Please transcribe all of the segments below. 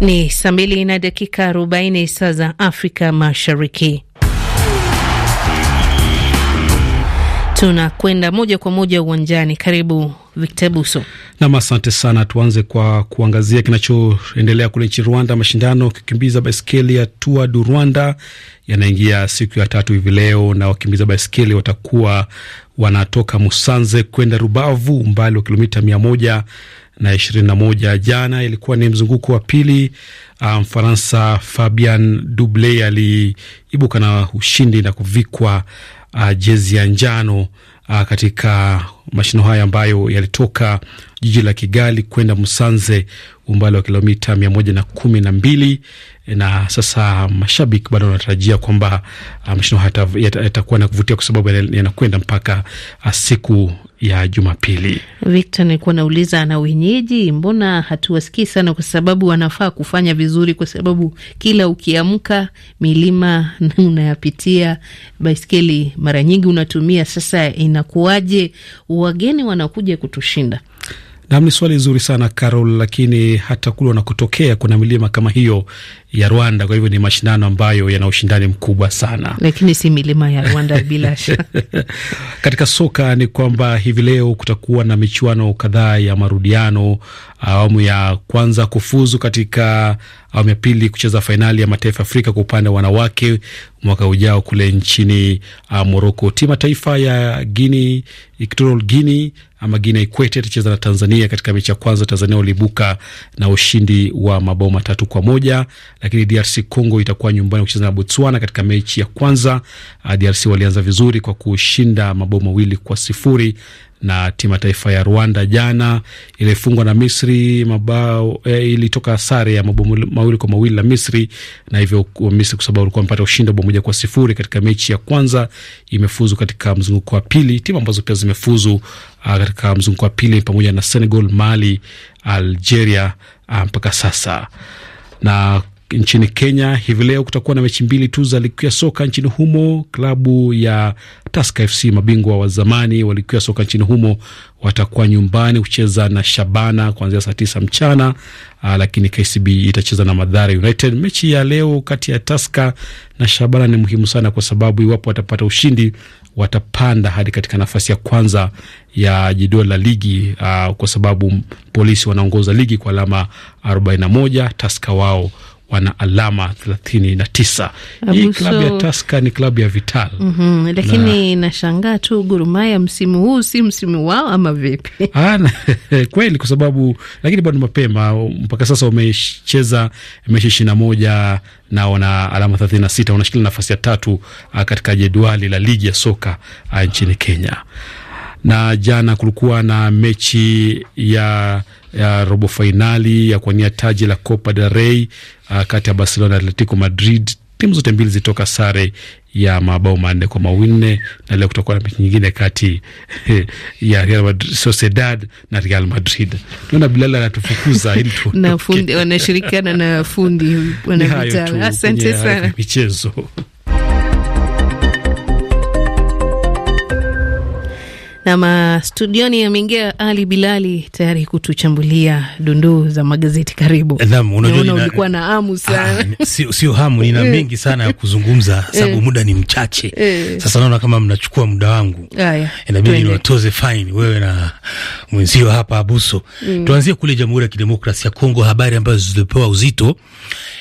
Ni saa mbili na dakika arobaini saa za Afrika Mashariki. Tunakwenda moja kwa moja uwanjani. Karibu Victor Buso. Nam, asante sana. Tuanze kwa kuangazia kinachoendelea kule nchini Rwanda. Mashindano kukimbiza baiskeli ya Tour du Rwanda yanaingia siku ya tatu hivi leo, na wakimbiza baiskeli watakuwa wanatoka Musanze kwenda Rubavu, umbali wa kilomita mia moja na ishirini na moja. Jana ilikuwa ni mzunguko wa pili. Ah, Mfaransa um, Fabian Duble aliibuka na ushindi na kuvikwa uh, jezi ya njano uh, katika mashino haya ambayo yalitoka jiji la Kigali kwenda Musanze umbali wa kilomita mia moja na kumi na mbili na sasa mashabiki bado wanatarajia kwamba uh, mashindano um, yatakuwa na kuvutia kwa sababu yanakwenda mpaka uh, siku ya Jumapili. Victor, nilikuwa nauliza na wenyeji, mbona hatuwasikii sana? Kwa sababu wanafaa kufanya vizuri, kwa sababu kila ukiamka milima unayapitia, baiskeli mara nyingi unatumia. Sasa inakuwaje wageni wanakuja kutushinda? Nam, ni swali zuri sana Carol, lakini hata kule wanakotokea kuna milima kama hiyo ya Rwanda. Kwa hivyo ni mashindano ambayo yana ushindani mkubwa sana, lakini si milima ya Rwanda bila shaka. Katika soka ni kwamba hivi leo kutakuwa na michuano kadhaa ya marudiano awamu ya kwanza kufuzu katika awamu ya pili kucheza fainali ya mataifa Afrika kwa upande wa wanawake mwaka ujao kule nchini uh, Moroko. Timu taifa ya Guini Equatorial Guini ama Guinea Ikwete itacheza na Tanzania katika mechi ya kwanza. Tanzania waliibuka na ushindi wa mabao matatu kwa moja, lakini DRC Congo itakuwa nyumbani kucheza na Botswana katika mechi ya kwanza. Uh, DRC walianza vizuri kwa kushinda mabao mawili kwa sifuri na timu ya taifa ya Rwanda jana ilifungwa na Misri mabao eh, ilitoka sare ya mabao mawili kwa mawili la Misri, na hivyo Misri kwa sababu walikuwa wamepata ushindi bao moja kwa sifuri katika mechi ya kwanza, imefuzu katika mzunguko wa pili. Timu ambazo pia zimefuzu uh, katika mzunguko wa pili pamoja na Senegal, Mali, Algeria uh, mpaka sasa na nchini Kenya hivi leo kutakuwa na mechi mbili tu za ligi ya soka nchini humo. Klabu ya Tusker FC, mabingwa wa zamani wa ligi ya soka nchini humo, watakuwa nyumbani kucheza na Shabana kuanzia saa tisa mchana. Aa, ah, lakini KCB itacheza na Madhara United. Mechi ya leo kati ya Taska na Shabana ni muhimu sana, kwa sababu iwapo watapata ushindi watapanda hadi katika nafasi ya kwanza ya jedwali la ligi, aa, ah, kwa sababu polisi wanaongoza ligi kwa alama 41 taska wao wana alama 39. Hii klabu ya Taska ni klabu ya Vital. mm -hmm. Lakini na... nashangaa tu Gurumaya msimu huu si msimu wao ama vipi? Kweli, kwa sababu lakini bado mapema, mpaka sasa wamecheza mechi ishirini na moja na wana alama 36, wanashikilia nafasi ya tatu ah, katika jedwali la ligi ya soka ah, nchini Kenya na jana kulikuwa na mechi ya, ya robo fainali ya kuania taji la Copa del Rey uh, kati ya Barcelona na Atletico Madrid. Timu zote mbili zilitoka sare ya mabao manne kwa mawinne, na leo kutakuwa na mechi nyingine kati ya Real Madrid, Sociedad na Real Madrid. Naona Bilala anatufukuza ili tu na fundi wanashirikiana na fundi Asante sana michezo Nama studioni ameingia Ali Bilali tayari kutuchambulia dunduu za magazeti. Karibu. nam, unajua ulikuwa na hamu ah, sana. Sio sio hamu, nina eh. mengi sana ya kuzungumza eh. sababu muda ni mchache. Eh. Sasa naona kama mnachukua muda wangu, inabidi niwatoze faini wewe na mwenzio hapa Abuso. Mm. Tuanzie kule Jamhuri ya Kidemokrasi ya Kongo. Habari ambazo zilipewa uzito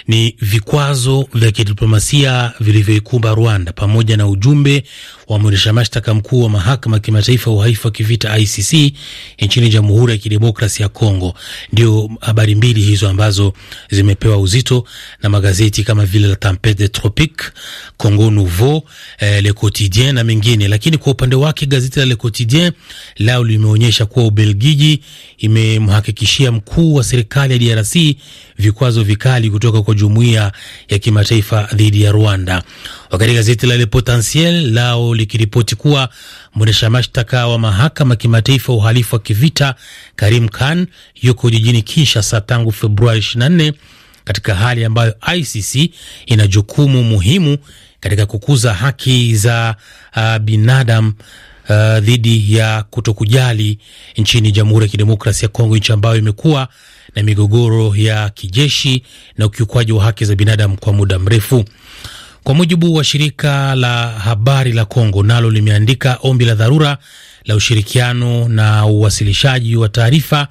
ni vikwazo vya kidiplomasia vilivyoikumba Rwanda pamoja na ujumbe wa mwendesha mashtaka mkuu wa mahakama ya kimataifa ya wa kivita ICC nchini Jamhuri ya Kidemokrasi ya congo Ndio habari mbili hizo ambazo zimepewa uzito na magazeti kama vile La Tempete de Tropiques, Congo Nouveau, eh, Le Quotidien na mengine. Lakini kwa upande wake gazeti la Le Quotidien lao limeonyesha kuwa Ubelgiji imemhakikishia mkuu wa serikali ya DRC vikwazo vikali kutoka kwa jumuiya ya kimataifa dhidi ya Rwanda. Wakati gazeti la Le Potentiel lao likiripoti kuwa mwendesha mashtaka wa mahakama ya kimataifa uhalifu wa kivita Karim Khan yuko jijini Kinshasa tangu Februari 24 katika hali ambayo ICC ina jukumu muhimu katika kukuza haki za uh, binadamu uh, dhidi uh, ya kutokujali nchini Jamhuri ya Kidemokrasia ya Kongo, nchi ambayo imekuwa na migogoro ya kijeshi na ukiukwaji wa haki za binadamu kwa muda mrefu. Kwa mujibu wa shirika la habari la Kongo, nalo limeandika ombi la dharura la ushirikiano na uwasilishaji wa taarifa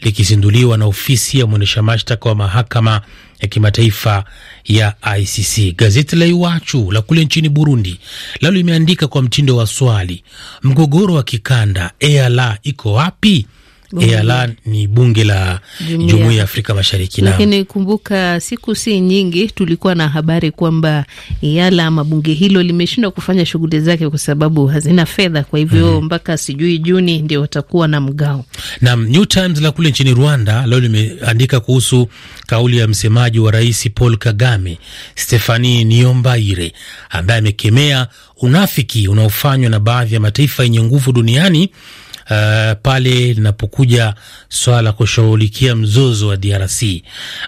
likizinduliwa na ofisi ya mwendesha mashtaka wa mahakama ya kimataifa ya ICC. Gazeti la Iwachu la kule nchini Burundi lalo limeandika kwa mtindo wa swali, mgogoro wa kikanda EALA iko wapi? EALA ni bunge la Jumuiya ya Afrika Mashariki. Lakini kumbuka, siku si nyingi tulikuwa na habari kwamba EALA ama bunge hilo limeshindwa kufanya shughuli zake kwa sababu hazina fedha, kwa hivyo mm -hmm. mpaka sijui Juni ndio watakuwa na mgao. Naam, New Times la kule nchini Rwanda leo limeandika kuhusu kauli ya msemaji wa Rais Paul Kagame Stefani Niombaire ambaye amekemea unafiki unaofanywa na baadhi ya mataifa yenye nguvu duniani uh, pale linapokuja swala la kushughulikia mzozo wa DRC.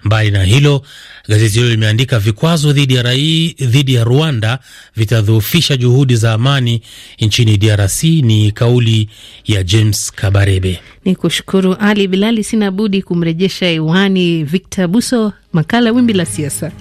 Mbali na hilo, gazeti hilo limeandika vikwazo dhidi ya rai, dhidi ya Rwanda vitadhoofisha juhudi za amani nchini DRC, ni kauli ya James Kabarebe. Ni kushukuru Ali Bilali, sina budi kumrejesha iwani Victor Buso, makala wimbi la siasa.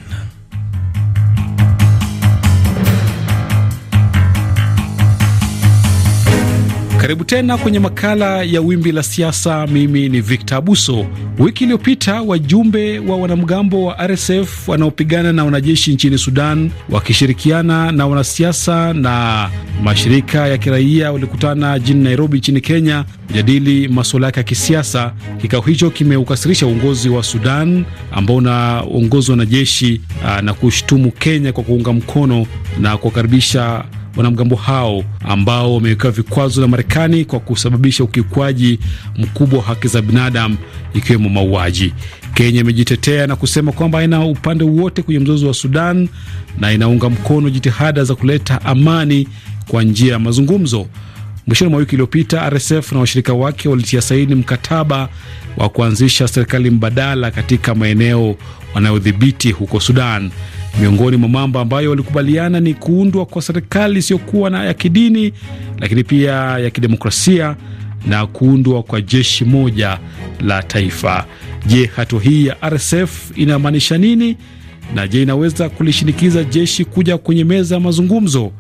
Karibu tena kwenye makala ya Wimbi la Siasa. Mimi ni Victor Abuso. Wiki iliyopita wajumbe wa wanamgambo wa RSF wanaopigana na wanajeshi nchini Sudan wakishirikiana na wanasiasa na mashirika ya kiraia walikutana jijini Nairobi nchini Kenya kujadili masuala yake ya kisiasa. Kikao hicho kimeukasirisha uongozi wa Sudan ambao unaongozwa na jeshi ah, na kushtumu Kenya kwa kuunga mkono na kuwakaribisha wanamgambo hao ambao wamewekewa vikwazo na Marekani kwa kusababisha ukiukwaji mkubwa wa haki za binadamu ikiwemo mauaji. Kenya imejitetea na kusema kwamba haina upande wote kwenye mzozo wa Sudan na inaunga mkono jitihada za kuleta amani kwa njia ya mazungumzo. Mwishoni mwa wiki iliyopita, RSF na washirika wake walitia saini mkataba wa kuanzisha serikali mbadala katika maeneo wanayodhibiti huko Sudan. Miongoni mwa mambo ambayo walikubaliana ni kuundwa kwa serikali isiyokuwa na ya kidini, lakini pia ya kidemokrasia na kuundwa kwa jeshi moja la taifa. Je, hatua hii ya RSF inamaanisha nini? Na je, inaweza kulishinikiza jeshi kuja kwenye meza ya mazungumzo?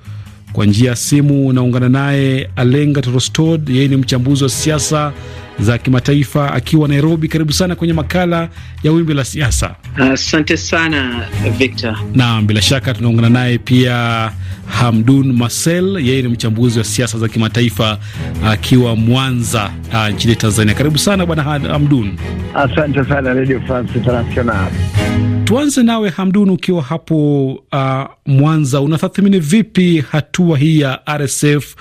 Kwa njia ya simu unaungana naye Alenga Torostod, yeye ni mchambuzi wa siasa za kimataifa akiwa Nairobi. Karibu sana kwenye makala ya wimbi la siasa. Asante uh, sana Victor. Naam, bila shaka tunaungana naye pia Hamdun Marcel, yeye ni mchambuzi wa siasa za kimataifa akiwa Mwanza uh, nchini Tanzania. Karibu sana bwana Hamdun. Asante sana Radio France International. Tuanze nawe Hamdun, ukiwa hapo uh, Mwanza, unatathmini vipi hatua hii ya RSF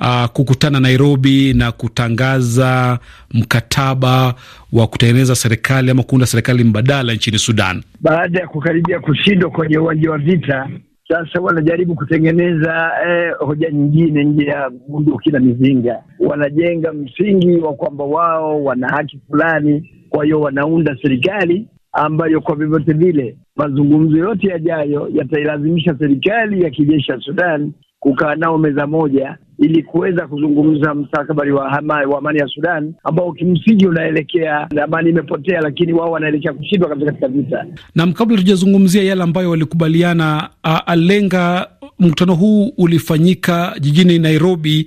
uh, kukutana Nairobi na kutangaza mkataba wa kutengeneza serikali ama kuunda serikali mbadala nchini Sudan baada ya kukaribia kushindwa kwenye uwanja wa vita. Sasa wanajaribu kutengeneza eh, hoja nyingine nje ya bunduki na mizinga. Wanajenga msingi wa kwamba wao wana haki fulani, kwa hiyo wanaunda serikali ambayo kwa vyovyote vile mazungumzo yote yajayo yatailazimisha serikali ya kijeshi ya Sudan kukaa nao meza moja ili kuweza kuzungumza mstakabali wa, wa amani ya Sudan ambao kimsingi unaelekea amani imepotea, lakini wao wanaelekea kushindwa kabisa katika vita. Nam, kabla tujazungumzia yale ambayo walikubaliana a, alenga mkutano huu ulifanyika jijini Nairobi.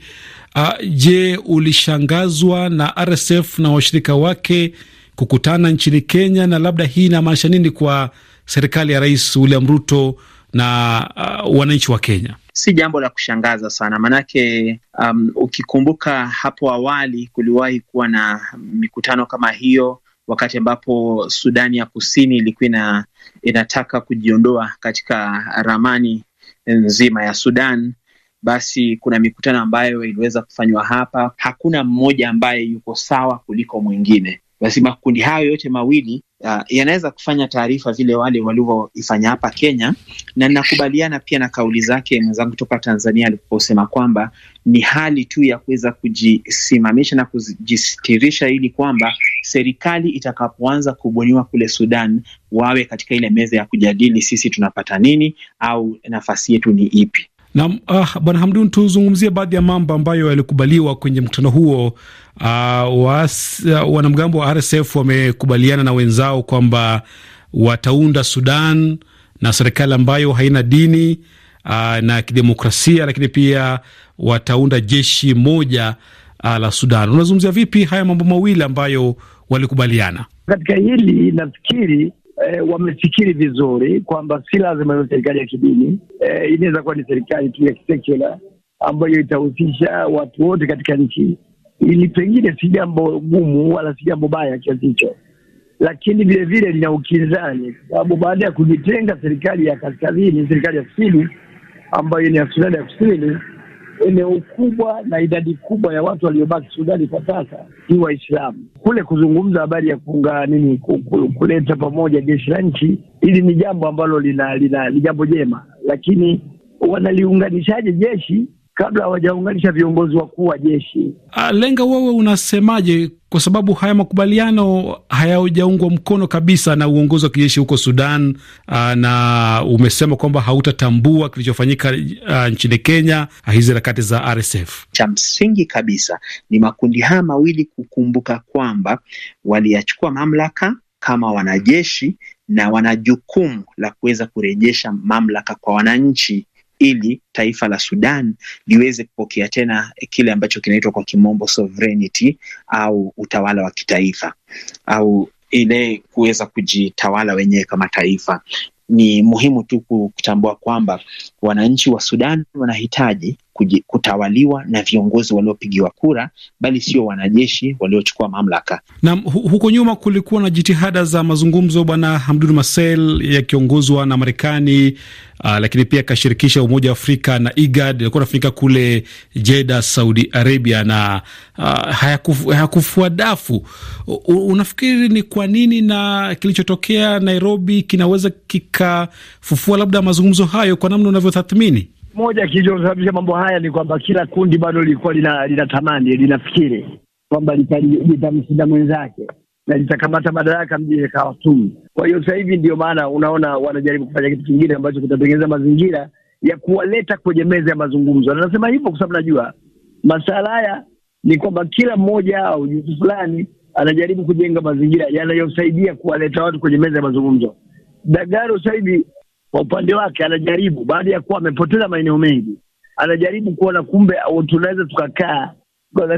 A, je, ulishangazwa na RSF na washirika wake kukutana nchini Kenya, na labda hii inamaanisha nini kwa serikali ya Rais William Ruto na wananchi wa Kenya? si jambo la kushangaza sana maanake, um, ukikumbuka hapo awali kuliwahi kuwa na mikutano kama hiyo wakati ambapo Sudani ya Kusini ilikuwa inataka kujiondoa katika ramani nzima ya Sudan. Basi kuna mikutano ambayo iliweza kufanywa hapa. Hakuna mmoja ambaye yuko sawa kuliko mwingine basi makundi hayo yote mawili uh, yanaweza kufanya taarifa vile wale walivyoifanya hapa Kenya, na nakubaliana pia na kauli zake mwenzangu kutoka Tanzania aliposema kwamba ni hali tu ya kuweza kujisimamisha na kujistirisha ili kwamba serikali itakapoanza kubuniwa kule Sudan wawe katika ile meza ya kujadili sisi tunapata nini au nafasi yetu ni ipi. Na ah, bwana Hamdun, tuzungumzie baadhi ya mambo ambayo yalikubaliwa kwenye mkutano huo. Ah, waas, ah, wanamgambo wa RSF wamekubaliana na wenzao kwamba wataunda Sudan na serikali ambayo haina dini ah, na kidemokrasia, lakini pia wataunda jeshi moja ah, la Sudan. Unazungumzia vipi haya mambo mawili ambayo walikubaliana katika hili? Nafikiri eh, wamefikiri vizuri kwamba si lazima iwe serikali ya kidini eh, inaweza kuwa ni serikali tu ya kisekula ambayo itahusisha watu wote katika nchi. Ili pengine si jambo gumu wala si jambo baya kiasi hicho, lakini vilevile lina ukinzani, kwa sababu baada ya kujitenga serikali ya kaskazini, serikali ya kusini ambayo ni ya Sudani ya kusini eneo kubwa na idadi kubwa ya watu waliobaki Sudani kwa sasa ni Waislamu. Kule kuzungumza habari ya kuunga nini, kuleta pamoja jeshi la nchi, hili ni jambo ambalo lina, lina, ni jambo jema, lakini wanaliunganishaje jeshi kabla hawajaunganisha viongozi wakuu wa jeshi. Ah, Lenga, wewe unasemaje? Kwa sababu haya makubaliano hayajaungwa mkono kabisa na uongozi wa kijeshi huko Sudan. Ah, na umesema kwamba hautatambua kilichofanyika ah, nchini Kenya, hizi harakati za RSF. Cha msingi kabisa ni makundi haya mawili kukumbuka kwamba waliyachukua mamlaka kama wanajeshi na wana jukumu la kuweza kurejesha mamlaka kwa wananchi ili taifa la Sudan liweze kupokea tena kile ambacho kinaitwa kwa kimombo sovereignty au utawala wa kitaifa au ile kuweza kujitawala wenyewe kama taifa. Ni muhimu tu kutambua kwamba wananchi wa Sudan wanahitaji kutawaliwa na viongozi waliopigiwa kura, bali sio wanajeshi waliochukua mamlaka. Na huko nyuma kulikuwa na jitihada za mazungumzo, Bwana Hamdun Masel, yakiongozwa na Marekani uh, lakini pia akashirikisha Umoja wa Afrika na IGAD, ilikuwa nafanyika kule Jeda, Saudi Arabia, na uh, hayakufua hayakufu dafu. Unafikiri ni kwa nini na kilichotokea Nairobi kinaweza kikafufua labda mazungumzo hayo kwa namna unavyotathmini? moja kilichosababisha mambo haya ni kwamba kila kundi bado lilikuwa lina lina linafikiri kwamba litamshinda mwenzake na litakamata madaraka mji ikawa sumu. Kwa hiyo sasa hivi ndio maana unaona wanajaribu kufanya kitu kingine ambacho kitatengeneza mazingira ya kuwaleta kwenye meza ya mazungumzo, na nasema hivyo kwa sababu najua masuala haya ni kwamba kila mmoja au jutu fulani anajaribu kujenga mazingira yanayosaidia kuwaleta watu kwenye meza ya mazungumzo. Dagaro sasa hivi kwa upande wake anajaribu, baada ya kuwa amepoteza maeneo mengi, anajaribu kuona kumbe tunaweza tukakaa,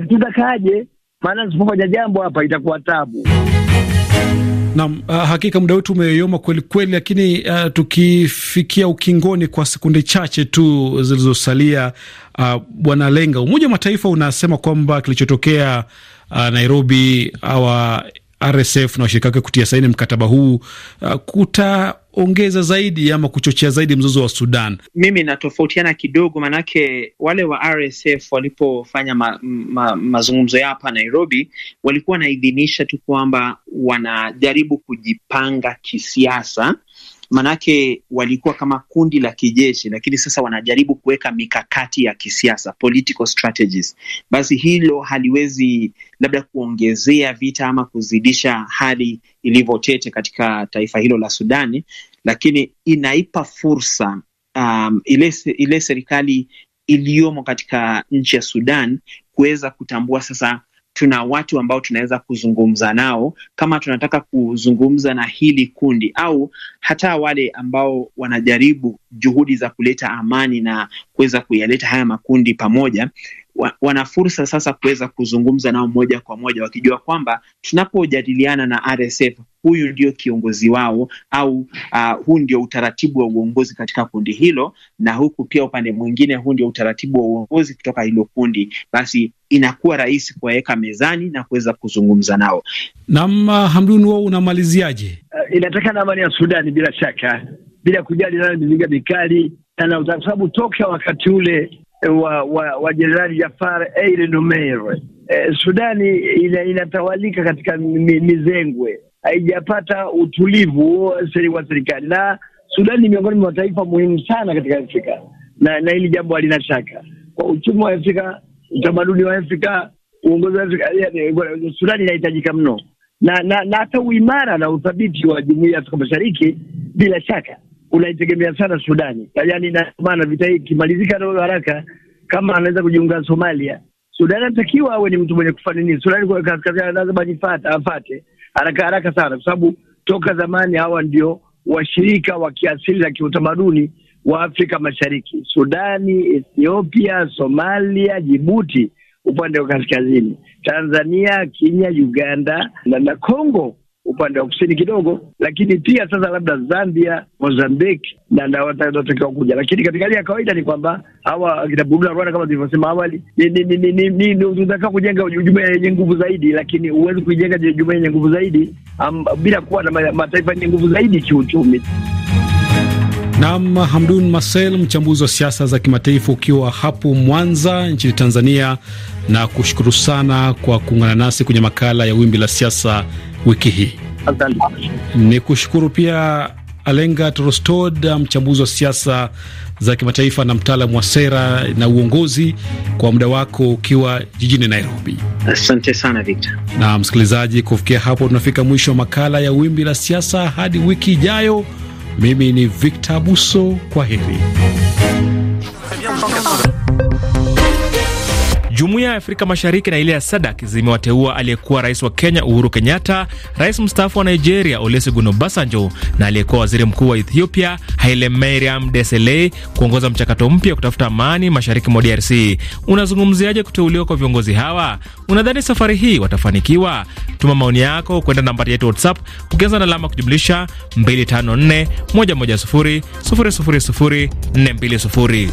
tutakaaje? Maana tusipofanya jambo hapa itakuwa tabu. Naam, ah, hakika muda wetu umeyoma kweli kweli, lakini uh, tukifikia ukingoni kwa sekunde chache tu zilizosalia, ah, bwana uh, Lenga, Umoja wa Mataifa unasema kwamba kilichotokea uh, Nairobi awa RSF na washirika wake kutia saini mkataba huu uh, kuta ongeza zaidi ama kuchochea zaidi mzozo wa Sudan? Mimi natofautiana kidogo, maanake wale wa RSF walipofanya ma, ma, mazungumzo ya hapa Nairobi walikuwa wanaidhinisha tu kwamba wanajaribu kujipanga kisiasa Manake walikuwa kama kundi la kijeshi, lakini sasa wanajaribu kuweka mikakati ya kisiasa, political strategies. Basi hilo haliwezi labda kuongezea vita ama kuzidisha hali ilivyotete katika taifa hilo la Sudani, lakini inaipa fursa um, ile, ile serikali iliyomo katika nchi ya Sudan kuweza kutambua sasa tuna watu ambao tunaweza kuzungumza nao kama tunataka kuzungumza na hili kundi, au hata wale ambao wanajaribu juhudi za kuleta amani na kuweza kuyaleta haya makundi pamoja wana fursa sasa kuweza kuzungumza nao moja kwa moja, wakijua kwamba tunapojadiliana na RSF huyu ndio kiongozi wao au uh, huu ndio utaratibu wa uongozi katika kundi hilo, na huku pia upande mwingine, huu ndio utaratibu wa uongozi kutoka hilo kundi, basi inakuwa rahisi kuwaweka mezani na kuweza kuzungumza nao. Naam, Hamdun, wao unamaliziaje? Uh, eh, inatakana amani ya Sudani bila shaka bila kujali nani mizinga mikali, kwa sababu toka wakati ule eh, wa wa Jenerali Jafar Eid Numeir eh, Sudani ina, inatawalika katika mizengwe, haijapata utulivu wa serikali, na Sudani ni miongoni mwa mataifa muhimu sana katika Afrika na, na hili jambo halina shaka kwa uchumi wa Afrika, utamaduni wa Afrika, uongozi wa Afrika. Sudani inahitajika mno na na hata uimara na uthabiti wa jumuiya ya Afrika Mashariki bila shaka unaitegemea sana Sudani, yaani ina maana vita hii ikimalizika ndogo haraka, kama anaweza kujiunga Somalia, Sudani anatakiwa awe ni mtu mwenye kufanya nini. Sudani kaskazini lazima ajifate, afate haraka haraka sana, kwa sababu toka zamani hawa ndio washirika wa kiasili na kiutamaduni wa Afrika Mashariki: Sudani, Ethiopia, Somalia, Jibuti upande wa kaskazini, Tanzania, Kenya, Uganda na na upande wa kusini kidogo, lakini pia sasa labda Zambia, Mozambiki na watatakiwa kuja, lakini katika hali ya kawaida ni kwamba hawa kina Burundi na Rwanda kama tulivyosema awali tunataka kujenga jumuiya yenye nguvu zaidi, lakini huwezi kuijenga jumuiya yenye nguvu zaidi bila kuwa na mataifa yenye nguvu zaidi kiuchumi. Nam Hamdun Masel, mchambuzi wa siasa za kimataifa, ukiwa hapo Mwanza nchini Tanzania, na kushukuru sana kwa kuungana nasi kwenye makala ya Wimbi la Siasa wiki hii. Ni kushukuru pia Alenga Trostod, mchambuzi wa siasa za kimataifa na mtaalamu wa sera na uongozi, kwa muda wako ukiwa jijini Nairobi. Asante sana Victor. Na msikilizaji, kufikia hapo tunafika mwisho wa makala ya Wimbi la Siasa. Hadi wiki ijayo, mimi ni Victor Buso, kwa heri. Jumuiya ya Afrika Mashariki na ile ya SADAK zimewateua aliyekuwa rais wa Kenya Uhuru Kenyatta, rais mstaafu wa Nigeria Olusegun Obasanjo na aliyekuwa waziri mkuu wa Ethiopia Haile Mariam Desalegn kuongoza mchakato mpya wa kutafuta amani mashariki mwa DRC. Unazungumziaje kuteuliwa kwa viongozi hawa? Unadhani safari hii watafanikiwa? Tuma maoni yako kwenda nambari yetu WhatsApp ukianza na alama kujumlisha 254 110 000 420.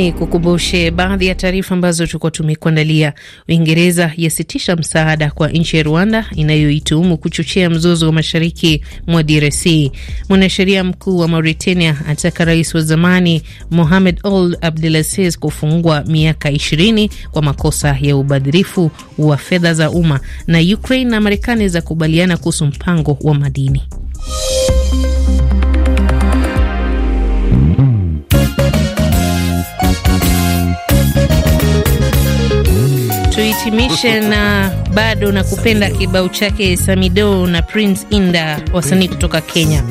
Ni kukumbushe baadhi ya taarifa ambazo tulikuwa tumekuandalia. Uingereza yasitisha msaada kwa nchi ya Rwanda inayoituhumu kuchochea mzozo wa mashariki mwa DRC. Mwanasheria mkuu wa Mauritania ataka rais wa zamani Mohamed Ould Abdelaziz kufungwa miaka 20 kwa makosa ya ubadhirifu wa fedha za umma. Na Ukraine na Marekani za kubaliana kuhusu mpango wa madini. tuhitimishe na bado na kupenda kibao chake Samido na Prince Inda, wasanii kutoka Kenya.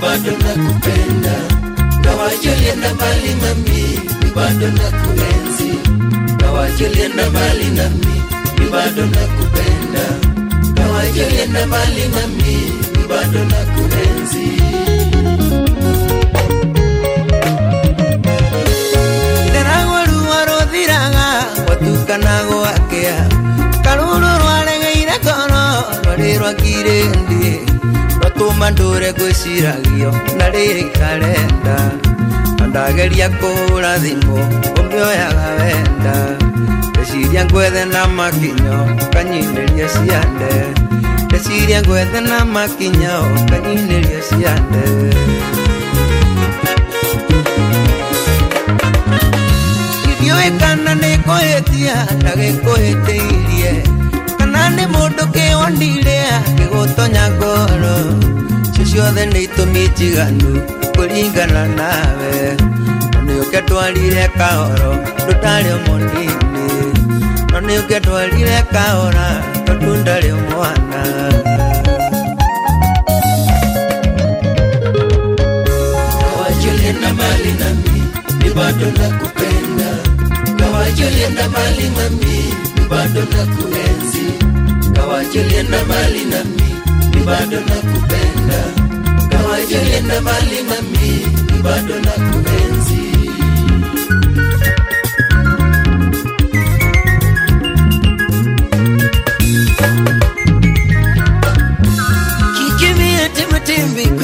Bado nakupenda, na wajolienda mbali mami, bado nakupenda Ingawaje ulienda mbali nami, mi bado nakupenda. Ingawaje ulienda mbali nami, bado nakuenzi. Nderagwo ruo ruthiraga gwatukanagwo akĩa karũrũ rwaregeire ngoro rwarĩ rwa kirĩndi rwatũma ndũre ngwĩciragio na rĩrĩ karenda na ndageria kũhũra thimũ ũmĩoyaga wenda ndeciria ngwethe na makinya ũkanyiinĩria ciande ndeciria ngwethe na makinya ũkanyiinĩria ciande ithiũĩ kana nĩ kũhĩtia na gĩkũhĩtĩirie kana nĩ mũndũ kĩonire akĩgũtonya ngoro cio ciothe nĩ itũmi njiganu kũringana nawe nĩ ũke twarire kahoro ndũtarĩ mũnini no nä å ngä ndwarire kahora tondu ndarä mwana na mali nami ni bado na kupenda na mali nami ni bado na kuenzi na mali nami ni bado na kupenda na mali nami ni bado na kuenzi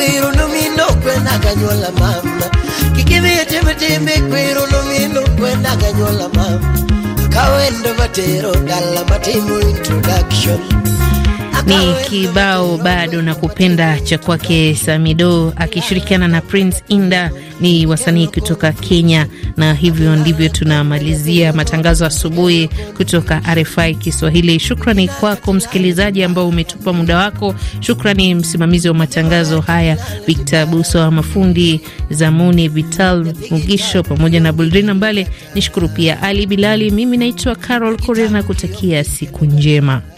kwero nomino kwenaga nyuola mama kikimiyo timbetimbe kwero nomino kwenaga nyuola mama kawendo matero dala matimo introduction ni kibao bado na kupenda cha kwake Samido akishirikiana na Prince Inda, ni wasanii kutoka Kenya. Na hivyo ndivyo tunamalizia matangazo asubuhi kutoka RFI Kiswahili. Shukrani kwako msikilizaji ambao umetupa muda wako. Shukrani msimamizi wa matangazo haya Victor Buso, wa mafundi Zamuni Vital Mugisho pamoja na Buldrina Mbale. Nishukuru pia Ali Bilali. Mimi naitwa Carol Korea na kutakia siku njema.